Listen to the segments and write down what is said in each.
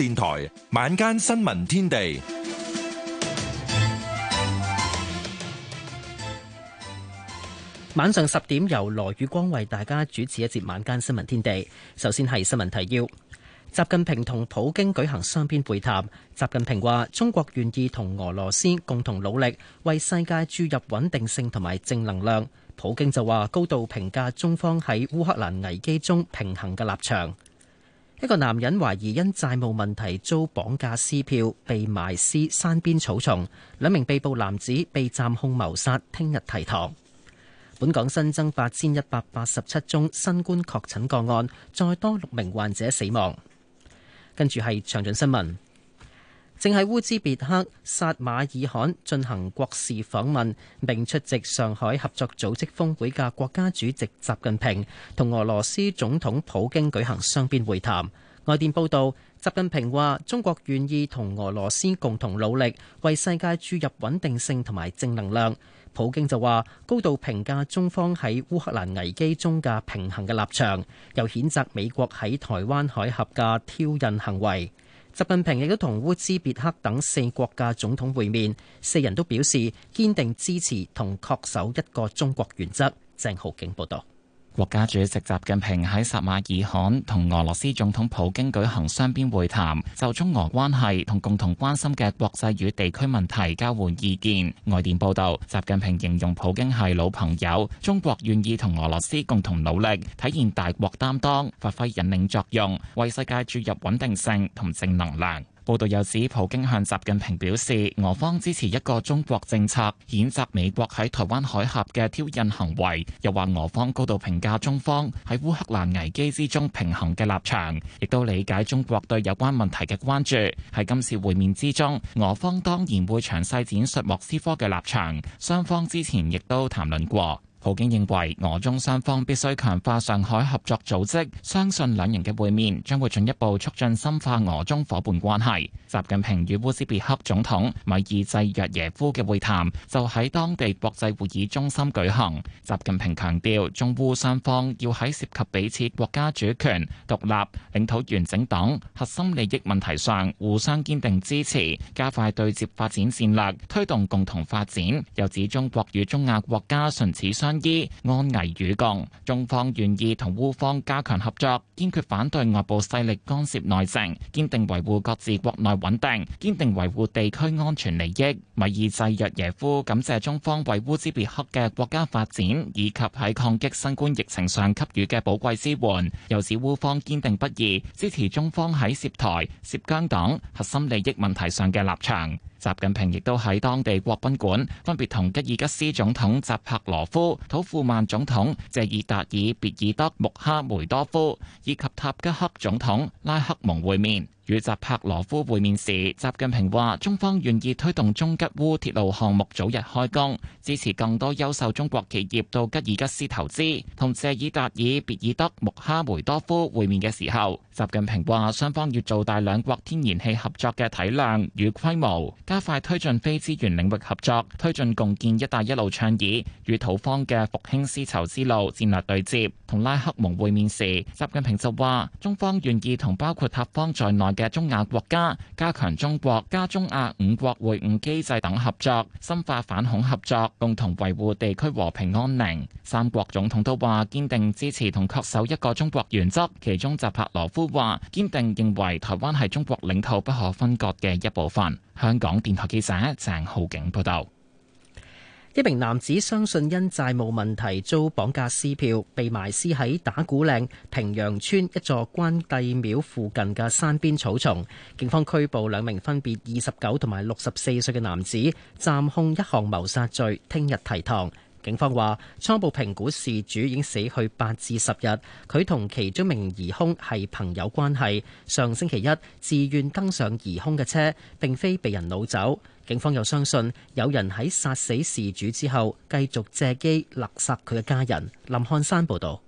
電台晚間新聞天地，晚上十點由羅宇光為大家主持一節晚間新聞天地。首先係新聞提要：習近平同普京舉行雙邊會談。習近平話，中國願意同俄羅斯共同努力，為世界注入穩定性同埋正能量。普京就話，高度評價中方喺烏克蘭危機中平衡嘅立場。一個男人懷疑因債務問題遭綁架撕票，被埋屍山邊草叢。兩名被捕男子被暫控謀殺，聽日提堂。本港新增八千一百八十七宗新冠確診個案，再多六名患者死亡。跟住係詳盡新聞。正喺烏茲別克薩馬爾罕進行國事訪問，並出席上海合作組織峰會嘅國家主席習近平，同俄羅斯總統普京舉行雙邊會談。外電報道，習近平話：中國願意同俄羅斯共同努力，為世界注入穩定性同埋正能量。普京就話：高度評價中方喺烏克蘭危機中嘅平衡嘅立場，又譴責美國喺台灣海峽嘅挑釁行為。習近平亦都同烏茲別克等四國嘅總統會面，四人都表示堅定支持同恪守一個中國原則。鄭浩景報道。國家主席習近平喺撒馬爾罕同俄羅斯總統普京舉行雙邊會談，就中俄關係同共同關心嘅國際與地區問題交換意見。外電報道，習近平形容普京係老朋友，中國願意同俄羅斯共同努力，體現大國擔當，發揮引領作用，為世界注入穩定性同正能量。報道又指，普京向習近平表示，俄方支持一個中國政策，譴責美國喺台灣海峽嘅挑釁行為，又話俄方高度評價中方喺烏克蘭危機之中平衡嘅立場，亦都理解中國對有關問題嘅關注。喺今次會面之中，俄方當然會詳細展述莫斯科嘅立場，雙方之前亦都談論過。普京認為俄中雙方必須強化上海合作組織，相信兩人嘅會面將會進一步促進深化俄中夥伴關係。習近平與烏茲別克總統米爾濟約耶夫嘅會談就喺當地國際會議中心舉行。習近平強調，中烏雙方要喺涉及彼此國家主權、獨立、領土完整等核心利益問題上互相堅定支持，加快對接發展戰略，推動共同發展。又指中國與中亞國家唇齒相，安危與共，中方願意同烏方加強合作，堅決反對外部勢力干涉內政，堅定維護各自國內穩定，堅定維護地區安全利益。米爾濟約耶夫感謝中方為烏茲別克嘅國家發展以及喺抗擊新冠疫情上給予嘅寶貴支援，又指烏方堅定不移支持中方喺涉台、涉疆等核心利益問題上嘅立場。習近平亦都喺當地國賓館分別同吉爾吉斯總統扎帕羅夫、土庫曼總統謝爾達爾別爾德穆哈梅多夫以及塔吉克總統拉克蒙會面。與扎帕羅夫會面時，習近平話：中方願意推動中吉烏鐵路項目早日開工，支持更多優秀中國企業到吉爾吉斯投資。同謝爾達爾別爾德穆哈梅多夫會面嘅時候，習近平話：雙方要做大兩國天然氣合作嘅體量與規模，加快推進非資源領域合作，推進共建“一帶一路”倡議，與土方嘅復興絲綢之路戰略對接。同拉克蒙會面時，習近平就話：中方願意同包括塔方在內。嘅中亞國家加強中國加中亞五國會晤機制等合作，深化反恐合作，共同維護地區和平安寧。三國總統都話堅定支持同恪守一個中國原則。其中，扎帕羅夫話堅定認為台灣係中國領土不可分割嘅一部分。香港電台記者鄭浩景報道。一名男子相信因債務問題遭綁架撕票，被埋屍喺打鼓嶺平陽村一座關帝廟附近嘅山邊草叢。警方拘捕兩名分別二十九同埋六十四歲嘅男子，暫控一項謀殺罪，聽日提堂。警方話初步評估事主已經死去八至十日，佢同其中一名疑兇係朋友關係。上星期一自願登上疑兇嘅車，並非被人擄走。警方又相信有人喺殺死事主之後，繼續借機勒殺佢嘅家人。林漢山報導，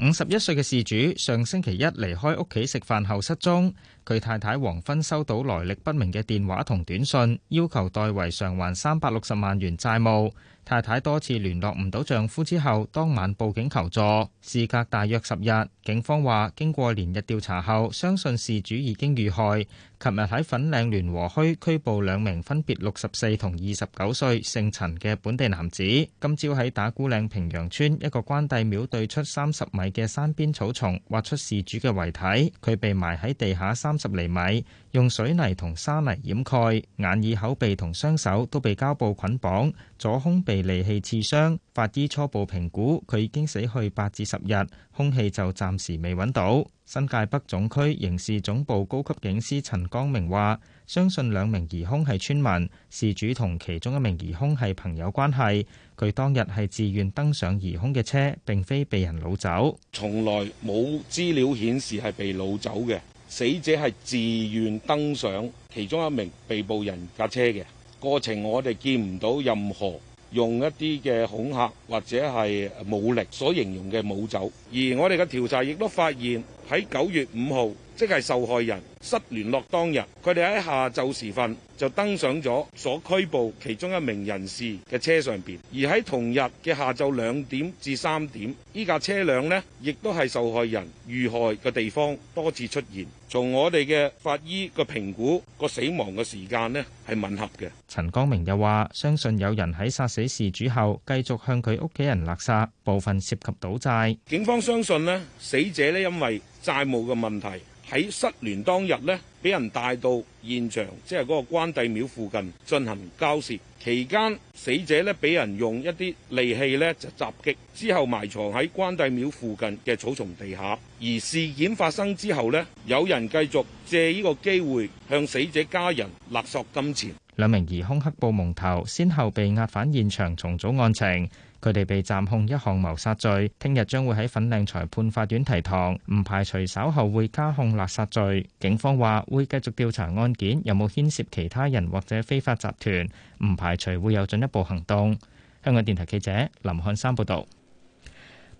五十一歲嘅事主上星期一離開屋企食飯後失蹤。佢太太黃芬收到來歷不明嘅電話同短信，要求代為償還三百六十萬元債務。太太多次聯絡唔到丈夫之後，當晚報警求助。事隔大約十日，警方話經過連日調查後，相信事主已經遇害。琴日喺粉嶺聯和墟拘捕兩名分別六十四同二十九歲姓陳嘅本地男子。今朝喺打鼓嶺坪洋村一個關帝廟對出三十米嘅山邊草叢挖出事主嘅遺體，佢被埋喺地下三。三十厘米，用水泥同沙泥掩蓋，眼耳口鼻同雙手都被膠布捆綁，左胸被利器刺傷。法醫初步評估，佢已經死去八至十日，兇器就暫時未揾到。新界北總區刑事總部高級警司陳光明話，相信兩名疑凶係村民，事主同其中一名疑凶係朋友關係。佢當日係自願登上疑凶嘅車，並非被人擄走。從來冇資料顯示係被擄走嘅。死者係自願登上其中一名被捕人架車嘅過程，我哋見唔到任何用一啲嘅恐嚇或者係武力所形容嘅武走，而我哋嘅調查亦都發現喺九月五號。即係受害人失聯絡當日，佢哋喺下晝時分就登上咗所拘捕其中一名人士嘅車上邊，而喺同日嘅下晝兩點至三點，呢架車輛呢亦都係受害人遇害嘅地方多次出現。從我哋嘅法醫個評估，個死亡嘅時間呢係吻合嘅。陳光明又話：相信有人喺殺死事主後，繼續向佢屋企人勒殺，部分涉及賭債。警方相信呢死者呢因為債務嘅問題，喺失聯當日呢，俾人帶到現場，即係嗰個關帝廟附近進行交涉。期間死者呢俾人用一啲利器呢就襲擊，之後埋藏喺關帝廟附近嘅草叢地下。而事件發生之後呢，有人繼續借呢個機會向死者家人勒索金錢。兩名疑兇黑布蒙頭，先後被押返現場重組案情。佢哋被暫控一項謀殺罪，聽日將會喺粉嶺裁判法院提堂，唔排除稍後會加控垃圾罪。警方話會繼續調查案件有冇牽涉其他人或者非法集團，唔排除會有進一步行動。香港電台記者林漢山報道。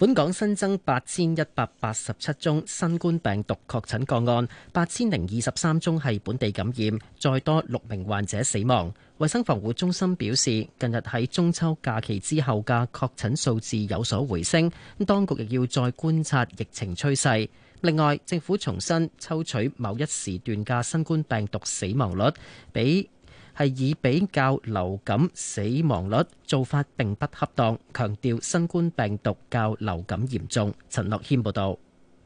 本港新增八千一百八十七宗新冠病毒確診個案，八千零二十三宗係本地感染，再多六名患者死亡。衛生防護中心表示，近日喺中秋假期之後，嘅確診數字有所回升，當局亦要再觀察疫情趨勢。另外，政府重新抽取某一時段嘅新冠病毒死亡率，比係以比較流感死亡率做法並不恰當，強調新冠病毒較流感嚴重。陳樂謙報導，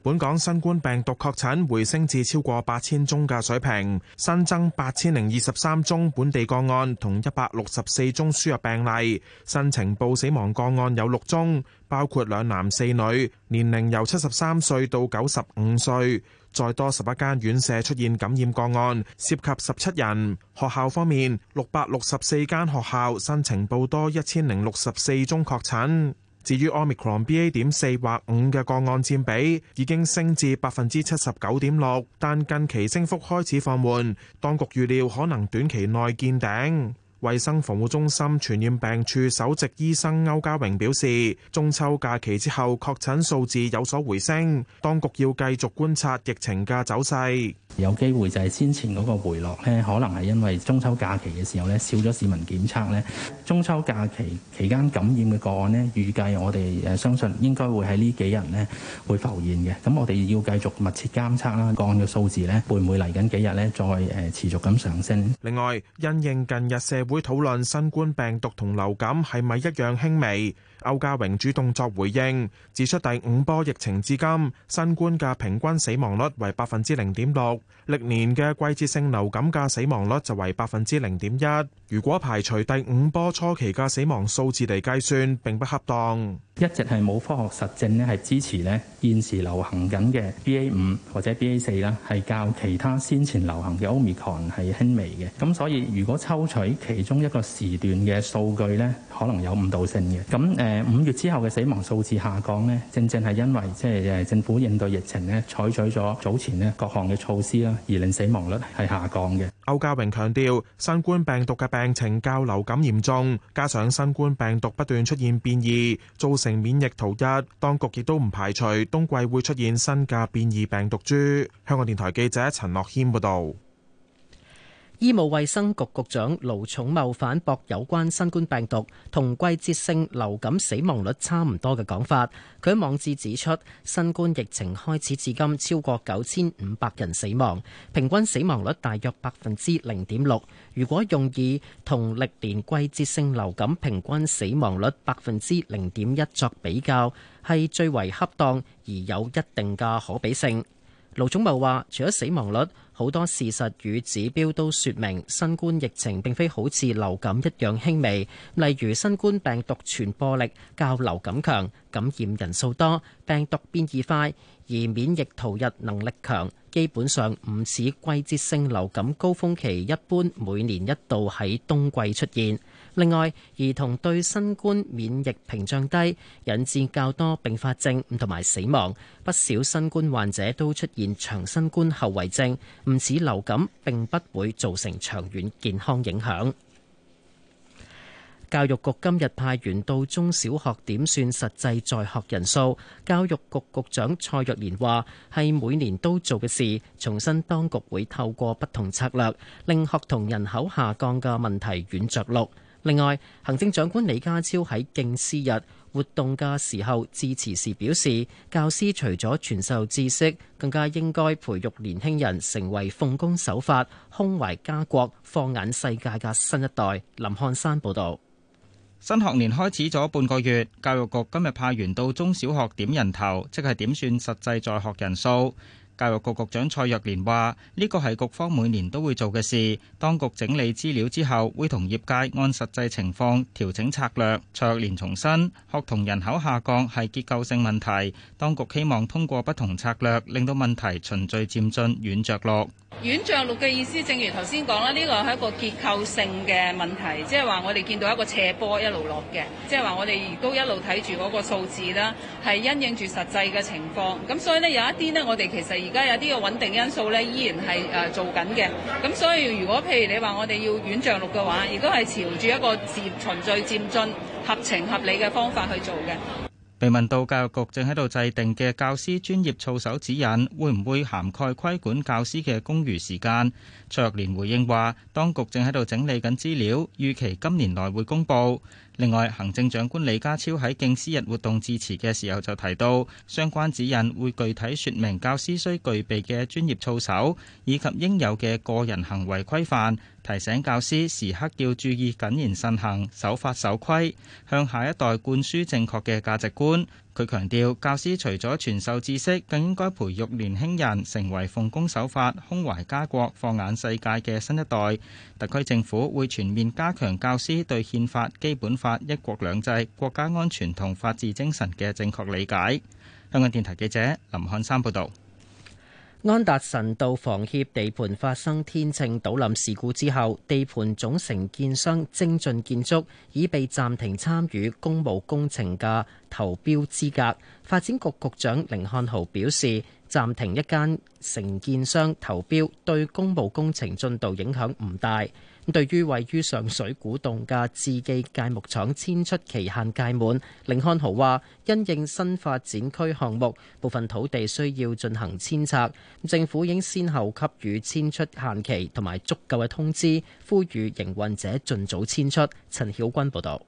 本港新冠病毒確診回升至超過八千宗嘅水平，新增八千零二十三宗本地個案同一百六十四宗輸入病例，新呈報死亡個案有六宗，包括兩男四女，年齡由七十三歲到九十五歲。再多十八間院舍出現感染個案，涉及十七人。學校方面，六百六十四間學校新呈報多一千零六十四宗確診。至於 omicron BA. 點四或五嘅個案佔比，已經升至百分之七十九點六，但近期升幅開始放緩，當局預料可能短期內見頂。衛生防護中心傳染病處首席醫生歐家榮表示，中秋假期之後確診數字有所回升，當局要繼續觀察疫情嘅走勢。有機會就係先前嗰個回落咧，可能係因為中秋假期嘅時候咧少咗市民檢測咧。中秋假期期間感染嘅個案咧，預計我哋誒相信應該會喺呢幾日咧會浮現嘅。咁我哋要繼續密切監測啦，個案嘅數字咧會唔會嚟緊幾日咧再誒持續咁上升。另外，因應近日社會會討論新冠病毒同流感係咪一樣輕微？歐家榮主動作回應，指出第五波疫情至今，新冠嘅平均死亡率為百分之零點六，歷年嘅季節性流感嘅死亡率就為百分之零點一。如果排除第五波初期嘅死亡數字嚟計算，並不恰當。一直係冇科學實證咧，係支持咧現時流行緊嘅 BA 五或者 BA 四啦，係較其他先前流行嘅 Omicron 係輕微嘅。咁所以如果抽取其中一個時段嘅數據咧，可能有誤導性嘅。咁誒。呃五月之後嘅死亡數字下降咧，正正係因為即係政府應對疫情咧採取咗早前咧各項嘅措施啦，而令死亡率係下降嘅。歐家榮強調，新冠病毒嘅病情較流感嚴重，加上新冠病毒不斷出現變異，造成免疫逃逸，當局亦都唔排除冬季會出現新嘅變異病毒株。香港電台記者陳樂軒報導。醫務衛生局局長盧寵茂反駁有關新冠病毒同季節性流感死亡率差唔多嘅講法，佢喺網誌指出，新冠疫情開始至今超過九千五百人死亡，平均死亡率大約百分之零點六。如果用以同歷年季節性流感平均死亡率百分之零點一作比較，係最為恰當而有一定嘅可比性。盧寵茂話，除咗死亡率，好多事實與指標都説明，新冠疫情並非好似流感一樣輕微。例如，新冠病毒傳播力較流感強，感染人數多，病毒變異快，而免疫逃逸能力強。基本上，唔似季節性流感高峰期一般每年一度喺冬季出現。另外，兒童對新冠免疫屏障低，引致較多併發症同埋死亡。不少新冠患者都出現長新冠後遺症，唔似流感並不會造成長遠健康影響。教育局今日派員到中小學點算實際在學人數。教育局局長蔡若蓮話，係每年都做嘅事，重申當局會透過不同策略，令學童人口下降嘅問題軟着陸。另外，行政長官李家超喺敬師日活動嘅時候致辭時表示，教師除咗傳授知識，更加應該培育年輕人成為奉公守法、胸懷家國、放眼世界嘅新一代。林漢山報導。新學年開始咗半個月，教育局今日派員到中小學點人頭，即係點算實際在學人數。教育局局長蔡若蓮話：呢個係局方每年都會做嘅事，當局整理資料之後，會同業界按實際情況調整策略。蔡若蓮重申，學童人口下降係結構性問題，當局希望通過不同策略，令到問題循序漸進、軟着落。軟着陸嘅意思，正如頭先講啦，呢個係一個結構性嘅問題，即係話我哋見到一個斜坡一路落嘅，即係話我哋都一路睇住嗰個數字啦，係因應住實際嘅情況。咁所以呢，有一啲呢，我哋其實而家有啲個穩定因素呢，依然係誒做緊嘅。咁所以如果譬如你話我哋要軟着陸嘅話，亦都係朝住一個漸循序漸進、合情合理嘅方法去做嘅。被問到教育局正喺度制定嘅教師專業操守指引會唔會涵蓋規管教師嘅公餘時間，卓年回應話，當局正喺度整理緊資料，預期今年內會公佈。另外，行政長官李家超喺敬師日活動致辭嘅時候就提到，相關指引會具體説明教師需具備嘅專業操守，以及應有嘅個人行為規範。提醒教師時刻要注意謹言慎行、守法守規，向下一代灌輸正確嘅價值觀。佢強調，教師除咗傳授知識，更應該培育年輕人成為奉公守法、胸懷家國、放眼世界嘅新一代。特區政府會全面加強教師對憲法、基本法、一國兩制、國家安全同法治精神嘅正確理解。香港電台記者林漢山報道。安達臣道房協地盤發生天秤倒冧事故之後，地盤總承建商精進建築已被暫停參與公務工程嘅投標資格。發展局局長甯漢豪表示，暫停一間承建商投標對公務工程進度影響唔大。對於位於上水古洞嘅志記鎅木廠遷出期限屆滿，甯漢豪話：因應新發展區項目部分土地需要進行遷拆，政府已先後給予遷出限期同埋足夠嘅通知，呼籲營運者盡早遷出。陳曉君報導。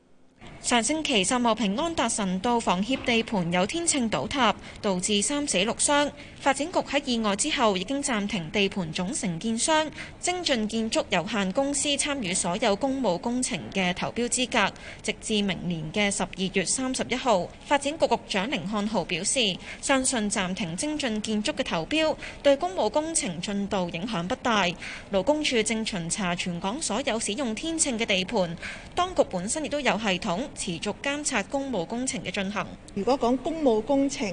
上星期，秀茂坪安達臣道房協地盤有天秤倒塌，導致三死六傷。發展局喺意外之後已經暫停地盤總承建商精進建築有限公司參與所有公務工程嘅投標資格，直至明年嘅十二月三十一號。發展局局長寧漢豪表示，相信暫停精進建築嘅投標對公務工程進度影響不大。勞工處正巡查全港所有使用天秤嘅地盤，當局本身亦都有系統。持續監察公務工程嘅進行。如果講公務工程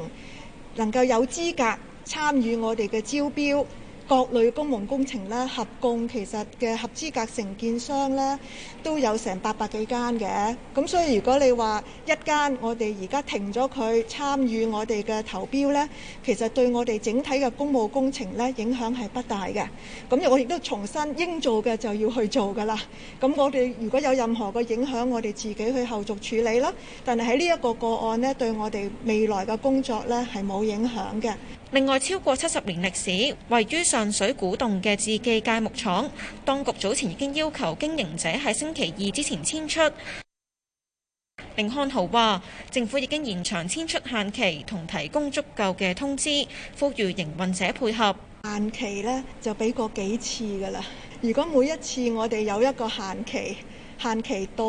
能夠有資格參與我哋嘅招標。各類公務工程呢，合共其實嘅合資格承建商呢都有成八百幾間嘅。咁所以如果你話一間我哋而家停咗佢參與我哋嘅投標呢，其實對我哋整體嘅公務工程呢影響係不大嘅。咁我亦都重新應做嘅就要去做㗎啦。咁我哋如果有任何嘅影響，我哋自己去後續處理啦。但係喺呢一個個案呢，對我哋未來嘅工作呢係冇影響嘅。另外超過七十年歷史，位於上水古洞嘅字記界木廠，當局早前已經要求經營者喺星期二之前遷出。寧漢豪話：政府已經延長遷出限期，同提供足夠嘅通知，呼籲營運者配合。限期咧就俾過幾次噶啦，如果每一次我哋有一個限期，限期到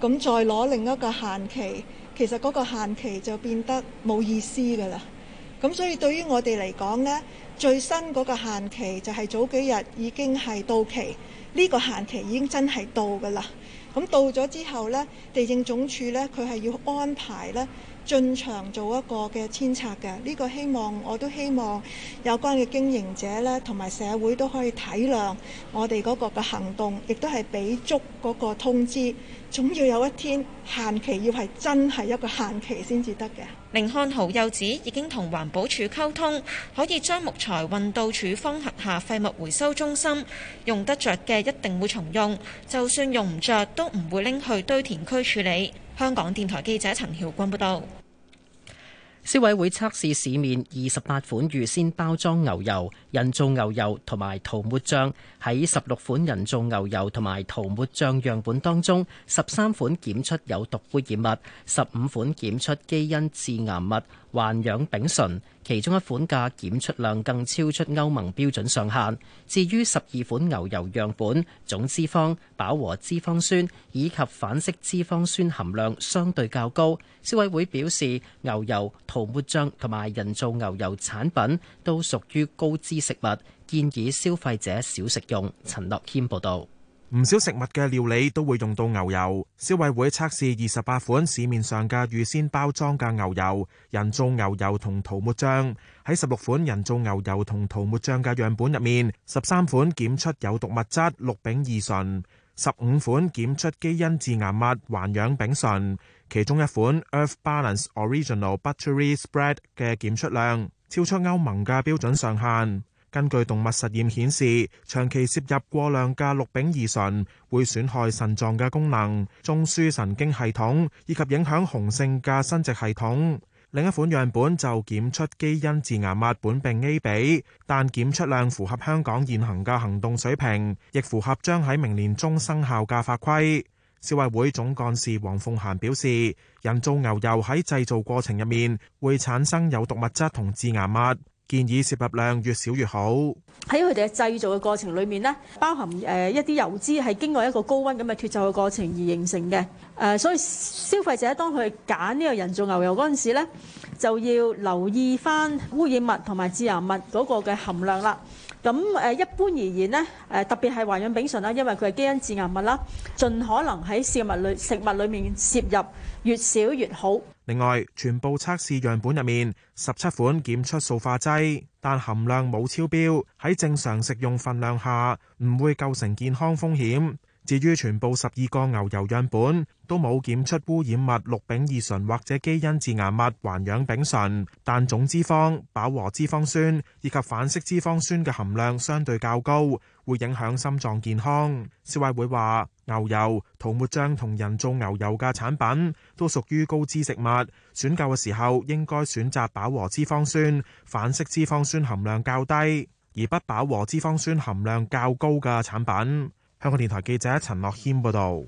咁再攞另一個限期，其實嗰個限期就變得冇意思噶啦。咁所以對於我哋嚟講咧。最新嗰個限期就係早幾日已經係到期，呢個限期已經真係到㗎啦。咁到咗之後咧，地政總署咧，佢係要安排咧，進場做一個嘅遷拆嘅呢個希望，我都希望有關嘅經營者咧，同埋社會都可以體諒我哋嗰個嘅行動，亦都係俾足嗰個通知。總要有一天限期，要係真係一個限期先至得嘅。寧漢豪又指已經同環保署溝通，可以將木材運到署方轄下廢物回收中心，用得着嘅一定會重用，就算用唔着都唔會拎去堆填區處理。香港電台記者陳曉君報道，消委會測試市面二十八款預先包裝牛油、人造牛油同埋塗抹醬，喺十六款人造牛油同埋塗抹醬樣本當中，十三款檢出有毒污染物，十五款檢出基因致癌物，環氧丙醇。其中一款嘅檢出量更超出歐盟標準上限。至於十二款牛油樣本，總脂肪、飽和脂肪酸以及反式脂肪酸含量相對較高。消委會表示，牛油、塗抹醬同埋人造牛油產品都屬於高脂食物，建議消費者少食用。陳樂謙報道。唔少食物嘅料理都會用到牛油。消委會測試二十八款市面上嘅預先包裝嘅牛油、人造牛油同塗抹醬。喺十六款人造牛油同塗抹醬嘅樣本入面，十三款檢出有毒物質六丙二醇，十五款檢出基因致癌物環氧丙醇，其中一款 Earth Balance Original Buttery Spread 嘅檢出量超出歐盟嘅標準上限。根據動物實驗顯示，長期攝入過量嘅氯丙二醇會損害腎臟嘅功能、中樞神經系統，以及影響雄性嘅生殖系統。另一款樣本就檢出基因致癌物苯並芘，但檢出量符合香港現行嘅行動水平，亦符合將喺明年中生效嘅法規。消委會總幹事黃鳳嫻表示：人造牛油喺製造過程入面會產生有毒物質同致癌物。建議攝入量越少越好。喺佢哋嘅製造嘅過程裏面咧，包含誒一啲油脂係經過一個高溫咁嘅脫臭嘅過程而形成嘅。誒，所以消費者當佢揀呢個人造牛油嗰陣時咧，就要留意翻污染物同埋致癌物嗰個嘅含量啦。咁誒，一般而言呢，誒特別係環氧丙醇啦，因為佢係基因致癌物啦，盡可能喺食物類食物裏面攝入越少越好。另外，全部測試樣本入面，十七款檢出塑化劑，但含量冇超標，喺正常食用份量下，唔會構成健康風險。至於全部十二個牛油樣本都冇檢出污染物氯丙二醇或者基因致癌物環氧丙醇，但總脂肪、飽和脂肪酸以及反式脂肪酸嘅含量相對較高，會影響心臟健康。消委會話，牛油、塗抹醬同人造牛油嘅產品都屬於高脂食物，選購嘅時候應該選擇飽和脂肪酸、反式脂肪酸含量較低，而不飽和脂肪酸含量較高嘅產品。香港電台記者陳樂謙報道，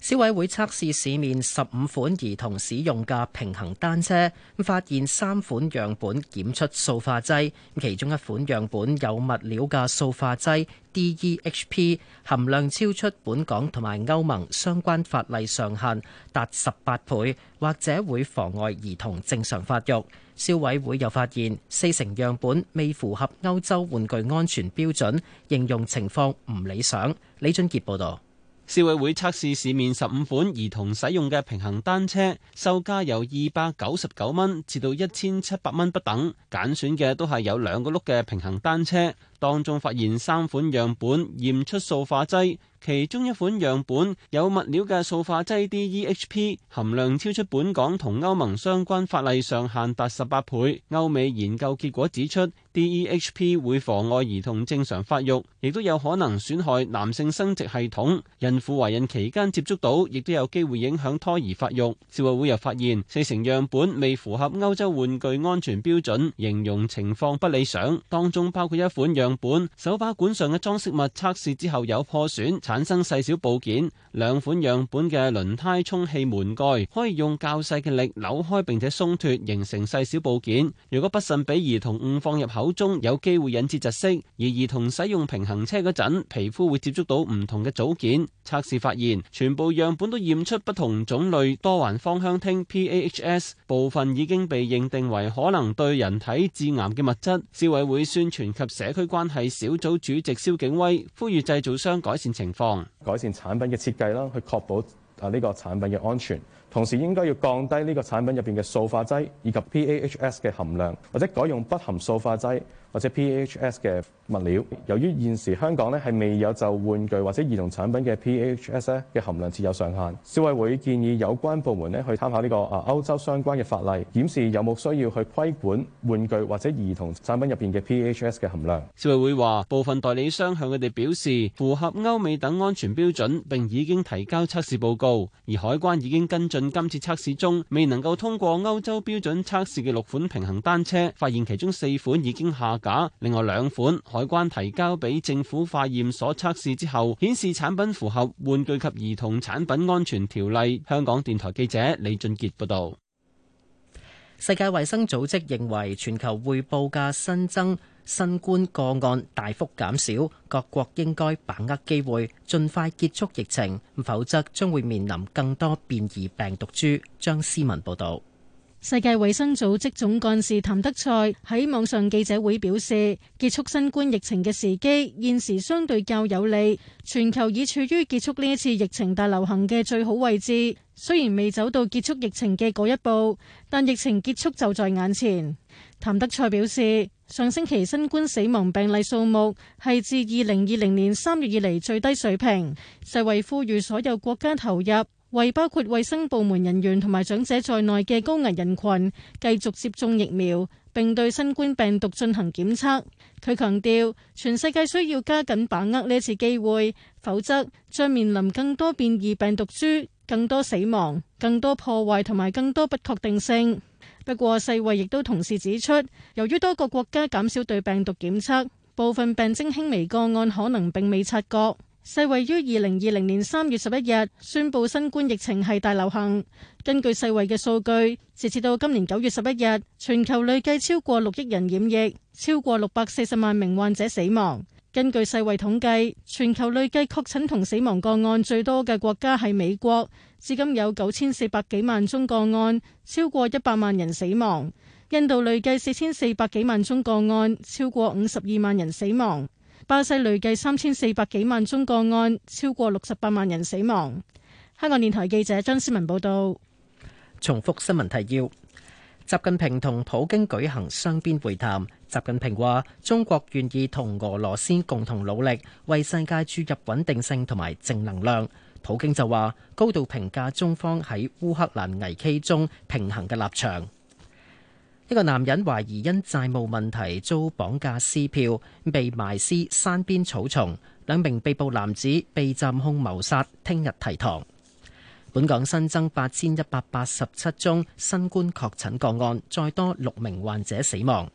消委會測試市面十五款兒童使用嘅平衡單車，咁發現三款樣本檢出塑化劑，其中一款樣本有物料嘅塑化劑 DEHP，含量超出本港同埋歐盟相關法例上限，達十八倍，或者會妨礙兒童正常發育。消委會又發現四成樣本未符合歐洲玩具安全標準，形容情況唔理想。李俊傑報導，消委會測試市面十五款兒童使用嘅平衡單車，售價由二百九十九蚊至到一千七百蚊不等，揀選嘅都係有兩個轆嘅平衡單車。當中發現三款樣本驗出塑化劑，其中一款樣本有物料嘅塑化劑 DEHP 含量超出本港同歐盟相關法例上限達十八倍。歐美研究結果指出，DEHP 會妨礙兒童正常發育，亦都有可能損害男性生殖系統。孕婦懷孕期間接觸到，亦都有機會影響胎兒發育。消委會又發現四成樣本未符合歐洲玩具安全標準，形容情況不理想。當中包括一款樣。本手把管上嘅裝飾物測試之後有破損，產生細小部件。兩款樣本嘅輪胎充氣門蓋可以用較細嘅力扭開並且鬆脱，形成細小部件。如果不慎俾兒童誤放入口中，有機會引致窒息。而兒童使用平衡車嗰陣，皮膚會接觸到唔同嘅組件。測試發現，全部樣本都驗出不同種類多環芳香烴 （PAHs），部分已經被認定為可能對人體致癌嘅物質。消委會宣傳及社區關。係小組主席蕭景威呼籲製造商改善情況，改善產品嘅設計啦，去確保啊呢個產品嘅安全。同時，應該要降低呢個產品入邊嘅塑化劑以及 P A H S 嘅含量，或者改用不含塑化劑。或者 P.H.S. 嘅物料，由於現時香港呢係未有就玩具或者兒童產品嘅 P.H.S. 嘅含量設有上限，消委會建議有關部門呢去參考呢個啊歐洲相關嘅法例，檢視有冇需要去規管玩具或者兒童產品入邊嘅 P.H.S. 嘅含量。消委會話，部分代理商向佢哋表示符合歐美等安全標準，並已經提交測試報告，而海關已經跟進今次測試中未能夠通過歐洲標準測試嘅六款平衡單車，發現其中四款已經下。另外兩款海關提交俾政府化驗所測試之後，顯示產品符合玩具及兒童產品安全條例。香港電台記者李俊傑報道。世界衛生組織認為，全球匯報嘅新增新冠個案大幅減少，各國應該把握機會，盡快結束疫情，否則將會面臨更多變異病毒株。張思文報導。世界衛生組織總幹事譚德賽喺網上記者會表示，結束新冠疫情嘅時機現時相對較有利，全球已處於結束呢一次疫情大流行嘅最好位置。雖然未走到結束疫情嘅嗰一步，但疫情結束就在眼前。譚德賽表示，上星期新冠死亡病例數目係自二零二零年三月以嚟最低水平，世衛呼籲所有國家投入。為包括衛生部門人員同埋長者在內嘅高危人群繼續接種疫苗，並對新冠病毒進行檢測。佢強調，全世界需要加緊把握呢次機會，否則將面臨更多變異病毒株、更多死亡、更多破壞同埋更多不確定性。不過，世衛亦都同時指出，由於多個國家減少對病毒檢測，部分病徵輕微個案可能並未察覺。世衛於二零二零年三月十一日宣布新冠疫情係大流行。根據世衛嘅數據，截至到今年九月十一日，全球累計超過六億人染疫，超過六百四十萬名患者死亡。根據世衛統計，全球累計確診同死亡個案最多嘅國家係美國，至今有九千四百幾萬宗個案，超過一百萬人死亡。印度累計四千四百幾萬宗個案，超過五十二萬人死亡。巴西累計三千四百幾萬宗個案，超過六十八萬人死亡。香港電台記者張思文報道。重複新聞提要：習近平同普京舉行雙邊會談。習近平話：中國願意同俄羅斯共同努力，為世界注入穩定性同埋正能量。普京就話：高度評價中方喺烏克蘭危機中平衡嘅立場。一個男人懷疑因債務問題遭綁架撕票，被埋屍山邊草叢。兩名被捕男子被暫控謀殺，聽日提堂。本港新增八千一百八十七宗新冠確診個案，再多六名患者死亡。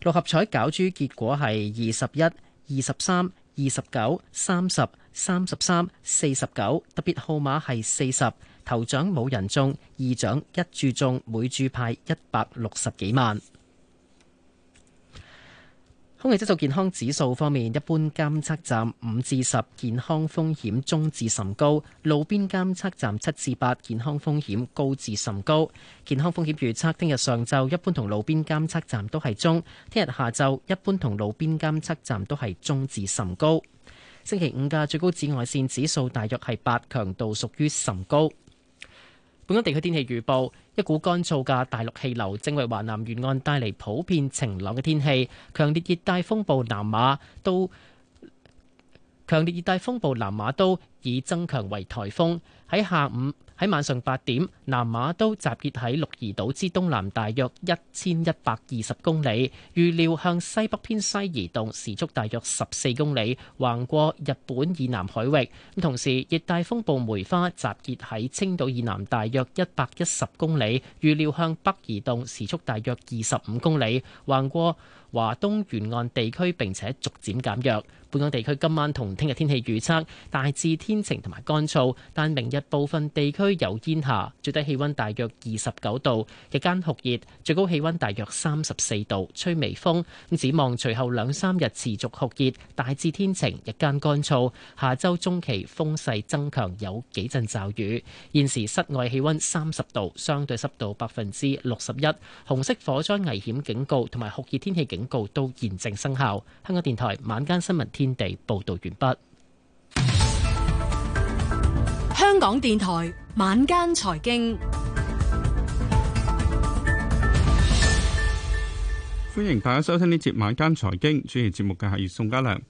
六合彩攪珠結果係二十一、二十三。二十九、三十、三十三、四十九，特別號碼係四十。頭獎冇人中，二獎一注中，每注派一百六十幾萬。空氣質素健康指數方面，一般監測站五至十，健康風險中至甚高；路邊監測站七至八，健康風險高至甚高。健康風險預測：聽日上晝一般同路邊監測站都係中；聽日下晝一般同路邊監測站都係中至甚高。星期五嘅最高紫外線指數大約係八，強度屬於甚高。本港地區天氣預報。一股乾燥嘅大陸氣流正為華南沿岸帶嚟普遍晴朗嘅天氣，強烈熱帶風暴南瑪都，強烈熱帶風暴南瑪都已增強為颱風，喺下午。喺晚上八點，南馬都集結喺鹿兒島之東南，大約一千一百二十公里，預料向西北偏西移動，時速大約十四公里，橫過日本以南海域。同時，熱帶風暴梅花集結喺青島以南大約一百一十公里，預料向北移動，時速大約二十五公里，橫過華東沿岸地區並且逐漸減弱。本港地區今晚同聽日天氣預測大致天晴同埋乾燥，但明日部分地區有煙霞，最低氣温大約二十九度，日間酷熱，最高氣温大約三十四度，吹微風，咁展望隨後兩三日持續酷熱，大致天晴，日間乾燥。下周中期風勢增強，有幾陣驟雨。現時室外氣温三十度，相對濕度百分之六十一，紅色火災危險警告同埋酷熱天氣警。廣告都現正生效。香港電台晚間新聞天地報道完畢。香港電台晚間財經，歡迎大家收聽呢節晚間財經，主持節目嘅係宋家良。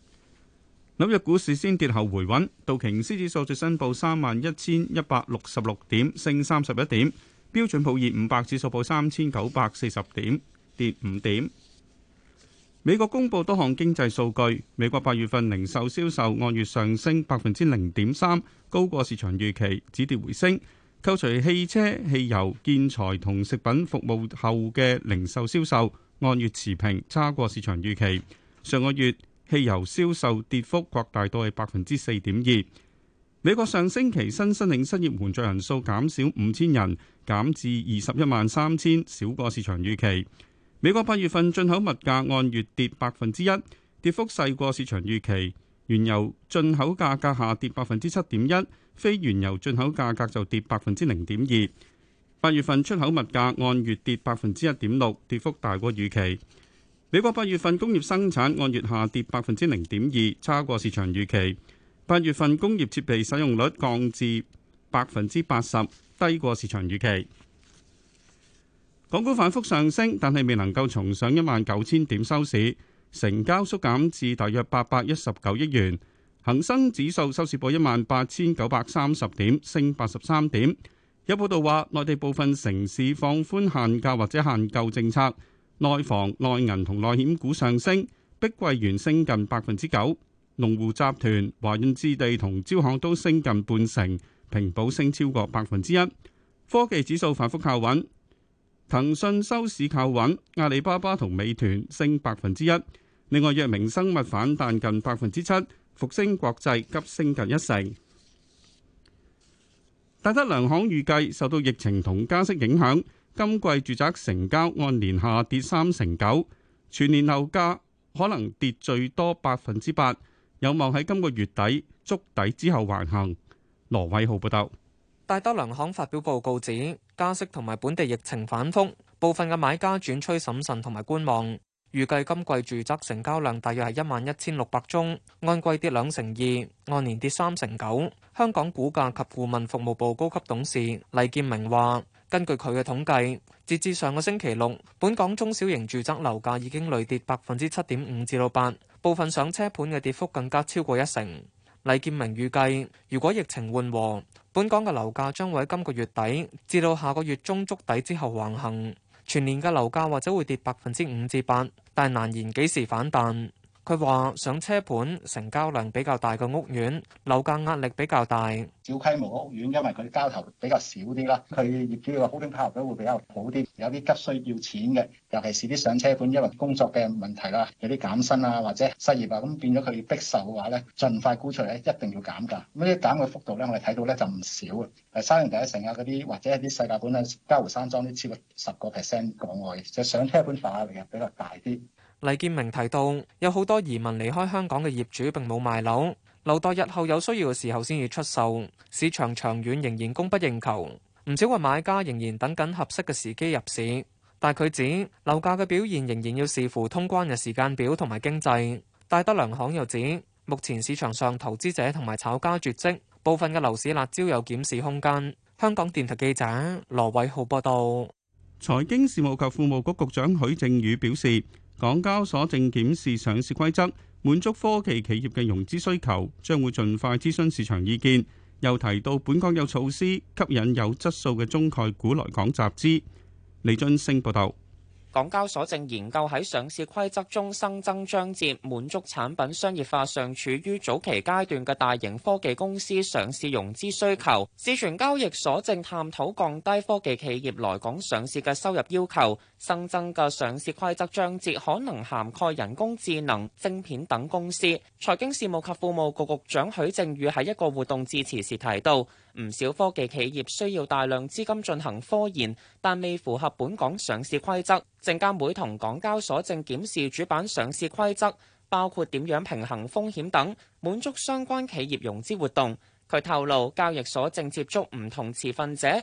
紐約股市先跌後回穩，道瓊斯指數最新報三萬一千一百六十六點，升三十一點；標準普爾五百指數報三千九百四十點，跌五點。美國公布多項經濟數據，美國八月份零售銷售按月上升百分之零點三，高過市場預期，止跌回升。扣除汽車、汽油、建材同食品服務後嘅零售銷售按月持平，差過市場預期。上個月汽油銷售跌幅擴大到係百分之四點二。美國上星期新申領失業援助人數減少五千人，減至二十一萬三千，少過市場預期。美國八月份進口物價按月跌百分之一，跌幅細過市場預期。原油進口價格下跌百分之七點一，非原油進口價格就跌百分之零點二。八月份出口物價按月跌百分之一點六，跌幅大過預期。美國八月份工業生產按月下跌百分之零點二，差過市場預期。八月份工業設備使用率降至百分之八十，低過市場預期。港股反覆上升，但係未能夠重上一萬九千點收市。成交縮減至大約八百一十九億元。恒生指數收市報一萬八千九百三十點，升八十三點。有報道話，內地部分城市放寬限價或者限購政策，內房、內銀同內險股上升。碧桂園升近百分之九，龍湖集團、華潤置地同招行都升近半成，平保升超過百分之一。科技指數反覆靠穩。騰訊收市靠穩，阿里巴巴同美團升百分之一。另外，藥明生物反彈近百分之七，復星國際急升近一成。大德銀行預計受到疫情同加息影響，今季住宅成交按年下跌三成九，全年樓價可能跌最多百分之八，有望喺今個月底築底之後橫行。羅偉浩報道。大德銀行發表報告,告指。加息同埋本地疫情反覆部分嘅買家轉趨審慎同埋觀望。預計今季住宅成交量大約係一萬一千六百宗，按季跌兩成二，按年跌三成九。香港股價及顧問服務部高級董事黎建明話根據佢嘅統計截至上個星期六，本港中小型住宅樓價已經累跌百分之七點五至六八，部分上車盤嘅跌幅更加超過一成。黎建明預計如果疫情緩和，本港嘅樓價將會喺今個月底至到下個月中築底之後橫行，全年嘅樓價或者會跌百分之五至八，但係難言幾時反彈。佢話上車盤成交量比較大嘅屋苑，樓價壓力比較大，小規模屋苑因為佢交投比較少啲啦，佢業主嘅 holding power 都會比較好啲。有啲急需要錢嘅，尤其是啲上車盤，因為工作嘅問題啦，有啲減薪啊或者失業啊，咁變咗佢逼售嘅話咧，盡快估出嚟咧一定要減價。咁啲減嘅幅度咧，我哋睇到咧就唔少啊。係三陽第一城啊，嗰啲或者一啲世界盤啊，嘉湖山莊啲超過十個 percent 個外，就是、上車盤反壓力比較大啲。黎建明提到，有好多移民離開香港嘅業主，並冇賣樓，留待日後有需要嘅時候先至出售。市場長遠仍然供不應求，唔少個買家仍然等緊合適嘅時機入市。但佢指樓價嘅表現仍然要視乎通關嘅時間表同埋經濟。戴德梁行又指，目前市場上投資者同埋炒家絕迹，部分嘅樓市辣招有檢視空間。香港電台記者羅偉浩報道。財經事務及庫務局局,局長許正宇表示。港交所正檢視上市規則，滿足科技企業嘅融資需求，將會盡快諮詢市場意見，又提到本港有措施吸引有質素嘅中概股來港集資，李津升報道。港交所正研究喺上市規則中新增章節，滿足產品商業化尚處於早期階段嘅大型科技公司上市融資需求。市場交易所正探討降低科技企業來港上市嘅收入要求，新增嘅上市規則章節可能涵蓋人工智能、晶片等公司。財經事務及庫務局局長許正宇喺一個活動致辭時提到。唔少科技企業需要大量資金進行科研，但未符合本港上市規則。證監會同港交所正檢視主板上市規則，包括點樣平衡風險等，滿足相關企業融資活動。佢透露，交易所正接觸唔同持份者。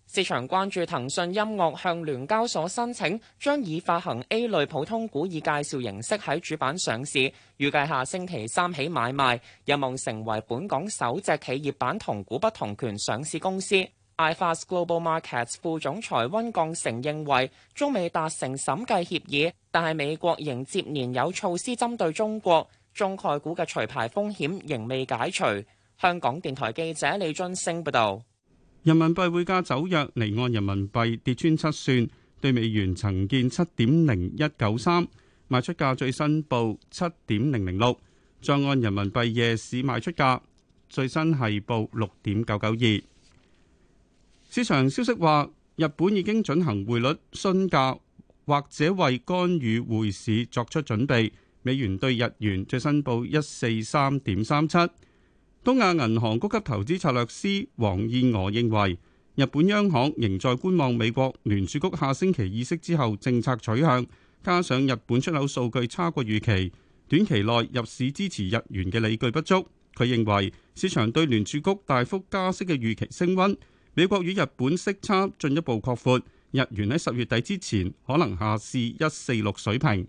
市場關注騰訊音樂向聯交所申請，將以發行 A 類普通股以介紹形式喺主板上市，預計下星期三起買賣，有望成為本港首隻企業版同股不同權上市公司。iFast Global Markets 副總裁温鋼成認為，中美達成審計協議，但係美國仍接連有措施針對中國，中概股嘅除牌風險仍未解除。香港電台記者李津星報導。人民幣匯價走弱，離岸人民幣跌穿七算，對美元曾見七點零一九三，賣出價最新報七點零零六，再按人民幣夜市賣出價最新係報六點九九二。市場消息話，日本已經進行匯率詢價，或者為干預匯市作出準備。美元對日元最新報一四三點三七。東亞銀行高級投資策略師黃燕娥認為，日本央行仍在觀望美國聯儲局下星期議息之後政策取向，加上日本出口數據差過預期，短期內入市支持日元嘅理據不足。佢認為市場對聯儲局大幅加息嘅預期升溫，美國與日本息差進一步擴闊，日元喺十月底之前可能下試一四六水平。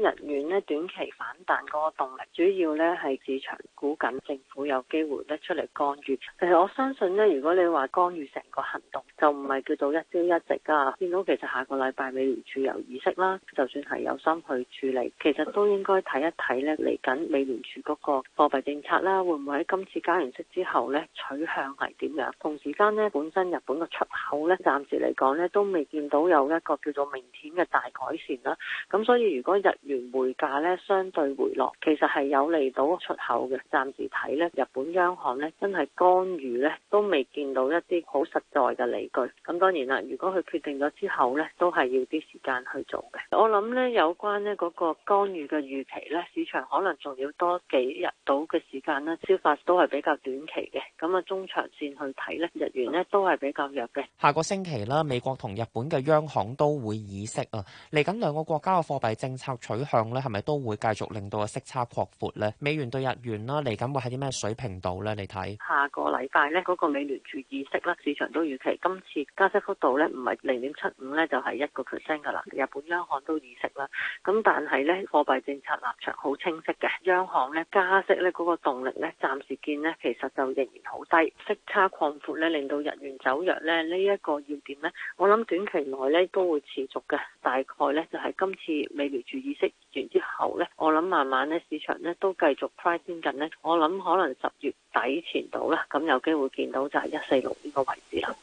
人員咧，短期反彈嗰個動力，主要咧係市場估緊政府有機會咧出嚟干預。其實我相信咧，如果你話干預成個行動，就唔係叫做一朝一夕噶、啊。見到其實下個禮拜美聯儲有議息啦，就算係有心去處理，其實都應該睇一睇咧嚟緊美聯儲嗰個貨幣政策啦、啊，會唔會喺今次加完息之後咧取向係點樣？同時間咧，本身日本嘅出口咧，暫時嚟講咧都未見到有一個叫做明顯嘅大改善啦、啊。咁所以如果日元匯價咧相對回落，其實係有利到出口嘅。暫時睇咧，日本央行咧真係干預咧，都未見到一啲好實在嘅理據。咁當然啦，如果佢決定咗之後咧，都係要啲時間去做嘅。我諗咧，有關呢嗰個干預嘅預期咧，市場可能仲要多幾日到嘅時間啦，消化都係比較短期嘅。咁啊，中長線去睇咧，日元咧都係比較弱嘅。下個星期啦，美國同日本嘅央行都會議息啊。嚟緊兩個國家嘅貨幣政策取取向咧，係咪都會繼續令到個息差擴闊咧？美元對日元啦，嚟緊會喺啲咩水平度咧？你睇下個禮拜咧，嗰、那個美聯儲議息啦，市場都預期今次加息幅度咧，唔係零點七五咧，就係一個 percent 噶啦。日本央行都議息啦，咁但係咧，貨幣政策立場好清晰嘅，央行咧加息咧嗰、那個動力咧，暫時見咧，其實就仍然好低，息差擴闊咧，令到日元走弱咧，這個、呢一個要點咧，我諗短期內咧都會持續嘅，大概咧就係、是、今次美聯儲議息。完之後咧，我諗慢慢咧，市場咧都繼續快 i s i 近我諗可能十月底前到咧，咁有機會見到就係一四六呢個位置啦。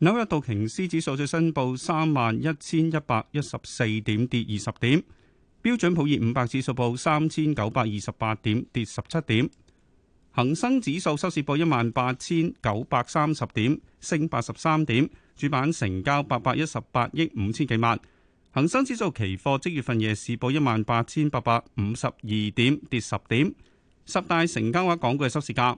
紐約道瓊斯指數最新報三萬一千一百一十四點跌二十點，標準普爾五百指數報三千九百二十八點跌十七點，恒生指數收市報一萬八千九百三十點升八十三點，主板成交八百一十八億五千幾萬。恆生指數期貨即月份夜市報一萬八千八百五十二點，跌十點。十大成交額港股嘅收市價：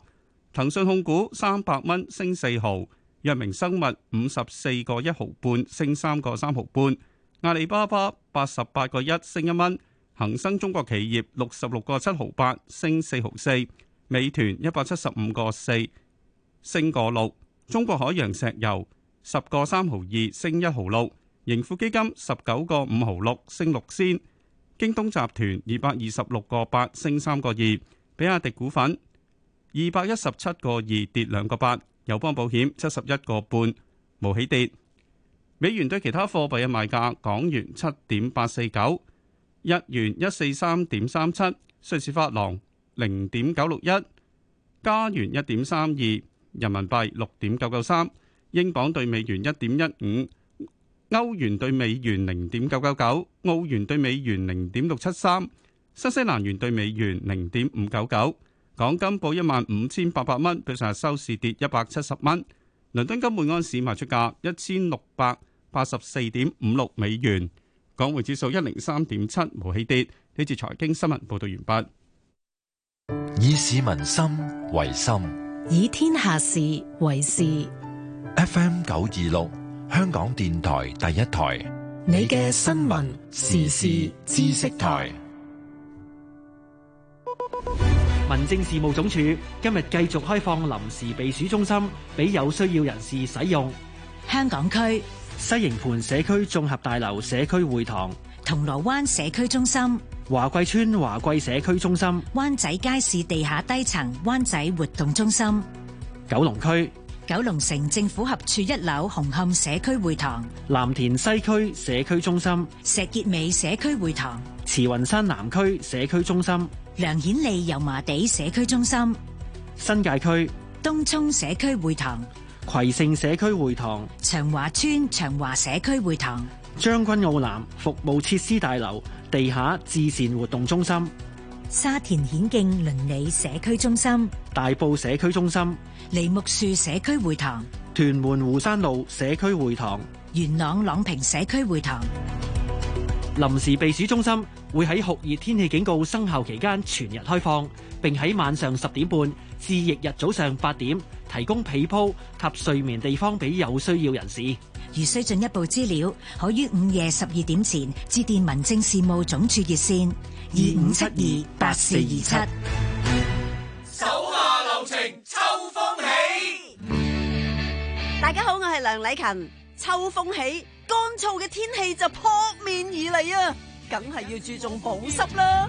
騰訊控股三百蚊升四毫，藥明生物五十四個一毫半升三個三毫半，阿里巴巴八十八個一升一蚊，恆生中國企業六十六個七毫八升四毫四，美團一百七十五個四升個六，中國海洋石油十個三毫二升一毫六。盈富基金十九個五毫六升六仙，京東集團二百二十六個八升三個二，比亞迪股份二百一十七個二跌兩個八，友邦保險七十一個半冇起跌。美元兌其他貨幣嘅賣價：港元七點八四九，日元一四三點三七，瑞士法郎零點九六一，加元一點三二，人民幣六點九九三，英鎊兌美元一點一五。歐元對美元零點九九九，澳元對美元零點六七三，新西蘭元對美元零點五九九。港金報一萬五千八百蚊，對上日收市跌一百七十蚊。倫敦金每安士賣出價一千六百八十四點五六美元。港匯指數一零三點七，無起跌。呢次財經新聞報道完畢。以市民心為心，以天下事為事。F.M. 九二六。香港電台第一台，你嘅新聞時事知識台。民政事務總署今日繼續開放臨時避暑中心，俾有需要人士使用。香港區西營盤社區綜合大樓社區會堂、銅鑼灣社區中心、華貴村華貴社區中心、灣仔街市地下低層灣仔活動中心、九龍區。九龍城政府合署一樓紅磡社區會堂、藍田西區社區中心、石硤尾社區會堂、慈雲山南區社區中心、梁顯利油麻地社區中心、新界區東涌社區會堂、葵盛社區會堂、長華邨長華社區會堂、將軍澳南服務設施大樓地下自善活動中心。沙田顯徑鄰里社區中心、大埔社區中心、梨木樹社區會堂、屯門湖山路社區會堂、元朗朗平社區會堂、臨時避暑中心會喺酷熱天氣警告生效期間全日開放，並喺晚上十點半至翌日早上八點提供被鋪及睡眠地方俾有需要人士。如需進一步資料，可於午夜十二點前致電民政事務總署熱線二五七二八四二七。手下留情，秋風起。大家好，我係梁禮勤。秋風起，乾燥嘅天氣就撲面而嚟啊，梗係要注重保濕啦。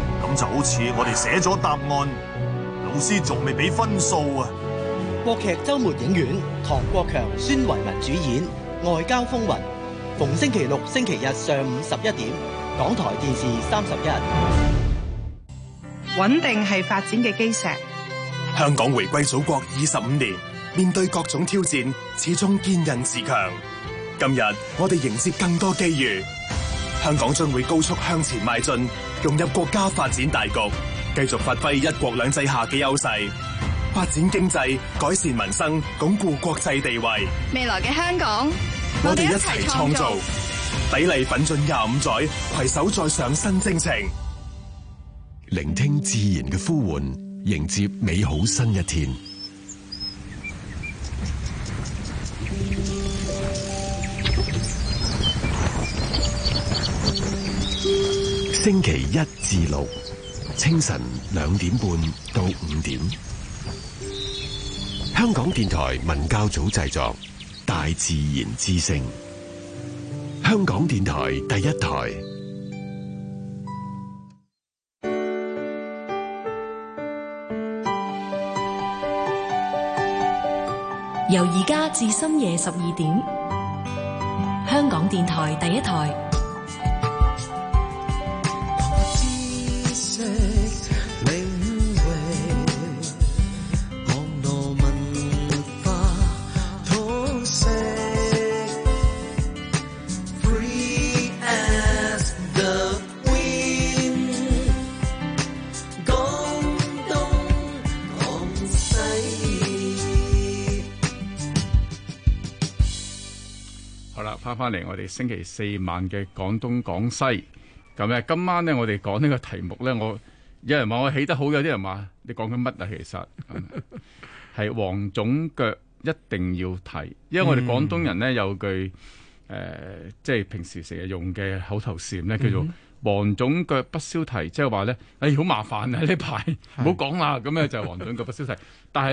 咁就好似我哋寫咗答案，老師仲未俾分數啊！國劇周末影院，唐國強、孫維民主演《外交風雲》，逢星期六、星期日上午十一點，港台電視三十一。穩定係發展嘅基石。香港回歸祖國二十五年，面對各種挑戰，始終堅韌自強。今日我哋迎接更多機遇，香港將會高速向前邁進。融入國家發展大局，繼續發揮一國兩制下嘅優勢，發展經濟，改善民生，鞏固國際地位。未來嘅香港，我哋一齊創造，砥礪奮進廿五載，攜手再上新征程。聆聽自然嘅呼喚，迎接美好新一天。星期一至六，清晨兩點半到五點，香港電台文教組製作《大自然之聲》，香港電台第一台。由而家至深夜十二點，香港電台第一台。嚟我哋星期四晚嘅廣東廣西，咁咧今晚咧我哋講呢個題目咧，我有人話我起得好，有啲人話你講緊乜啊？其實係黃腫腳一定要提，因為我哋廣東人咧有句誒、呃，即係平時成日用嘅口頭禪咧，叫做黃腫腳不消提，即係話咧誒好麻煩啊呢排唔好講啦，咁咧是就係黃腫腳不消提，但係。